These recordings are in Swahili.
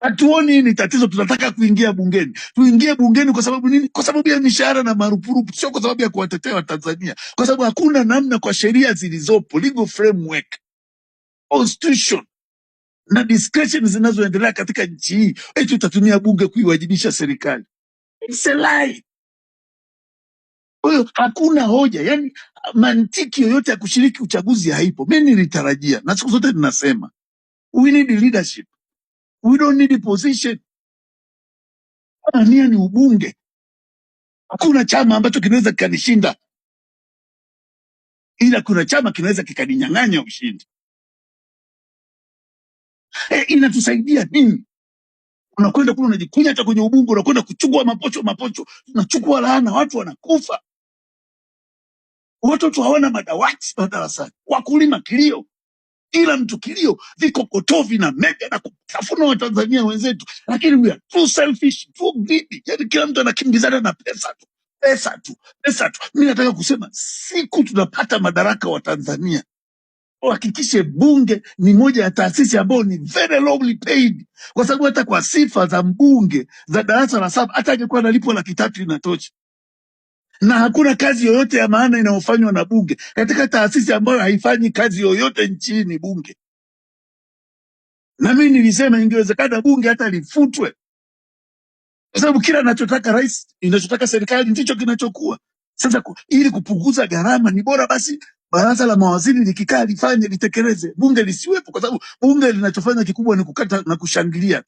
Hatuoni ni tatizo, tunataka kuingia bungeni. Tuingie bungeni kwa sababu nini? Kwa sababu ya mishahara na marupurupu, sio kwa sababu ya kuwatetea Watanzania, kwa sababu hakuna namna kwa sheria zilizopo, legal framework, constitution na discretion zinazoendelea katika nchi hii, eti utatumia bunge kuiwajibisha serikali. It's a lie. Kwahiyo hakuna hoja, yani mantiki yoyote ya kushiriki uchaguzi haipo. Mi nilitarajia na siku zote ninasema we need leadership We don't need a position. Maana ni ubunge. Hakuna chama ambacho kinaweza kikanishinda, ila kuna chama kinaweza kikaninyang'anya ushindi. E, inatusaidia nini? Unakwenda kule unajikunya hata kwenye ubunge, unakwenda kuchukua mapocho mapocho, unachukua laana, watu wanakufa, watoto hawana madawati madarasani, wakulima kilio ila mtu kilio viko kotovi na kutafuna Watanzania wenzetu, lakini we are too selfish, too greedy. Yani kila mtu anakimbizana na pesa tu, pesa tu, pesa tu. Mi nataka kusema siku tunapata madaraka wa Tanzania hakikishe bunge ni moja ya taasisi ambayo ni very lowly paid, kwa sababu hata kwa sifa za mbunge za darasa la saba hata angekuwa analipwa laki tatu inatosha na hakuna kazi yoyote ya maana inayofanywa na bunge katika taasisi ambayo haifanyi kazi yoyote nchini, bunge. Na mimi nilisema ingewezekana bunge hata lifutwe, kwa sababu kila anachotaka rais, inachotaka serikali ndicho kinachokuwa sasa. Ili kupunguza gharama, ni bora basi baraza la mawaziri likikaa, lifanye, litekeleze, bunge lisiwepo, kwa sababu bunge linachofanya kikubwa ni kukata na kushangilia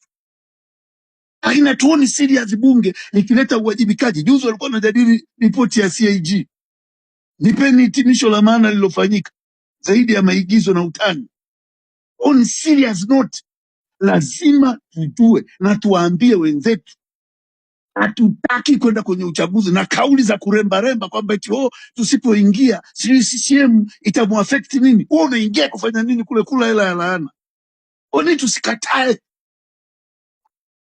lakini hatuoni serious bunge likileta uwajibikaji. Juzi walikuwa wanajadili ripoti ya CAG. Nipeni hitimisho la maana lilofanyika zaidi ya maigizo na utani. On serious note, lazima tutue na tuwaambie wenzetu hatutaki kwenda kwenye uchaguzi na kauli za kurembaremba kwamba eti oh, tusipoingia sijui CCM itamuafekti nini. Wewe unaingia kufanya nini kule? Kula hela ya laana. Oni, tusikatae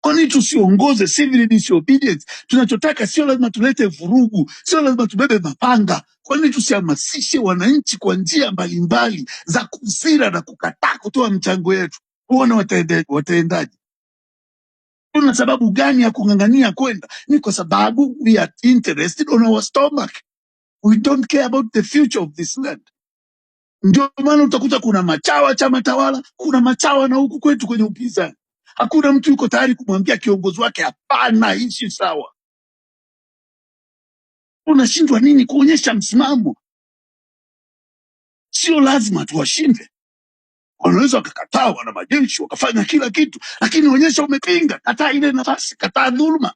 kwa nini tusiongoze civil disobedience? Tunachotaka sio lazima tulete vurugu, sio lazima tubebe mapanga. Kwa nini tusihamasishe wananchi kwa njia mbalimbali za kusira na kukataa kutoa mchango yetu? Huona wataendaje? Tuna sababu gani ya kung'ang'ania kwenda? Ni kwa sababu we are interested on our stomach, we don't care about the future of this land. Ndio maana utakuta kuna machawa chama tawala, kuna machawa na huku kwetu kwenye upinzani. Hakuna mtu yuko tayari kumwambia kiongozi wake hapana, hii si sawa. Unashindwa nini kuonyesha msimamo? Sio lazima tuwashinde, wanaweza wakakataa, wana majeshi wakafanya kila kitu, lakini onyesha umepinga. Kataa ile nafasi, kataa dhuluma,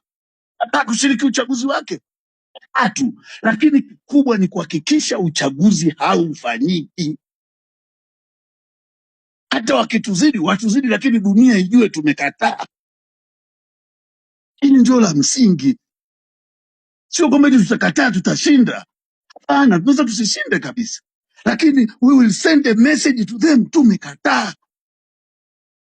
kataa kushiriki uchaguzi wake tatu. Lakini kikubwa ni kuhakikisha uchaguzi haufanyiki hata wakituzidi watuzidi, lakini dunia ijue tumekataa. Hili ndio la msingi, sio kwamba hivi tutakataa tutashinda. Hapana, tunaweza tusishinde kabisa, lakini we will send a message to them, tumekataa.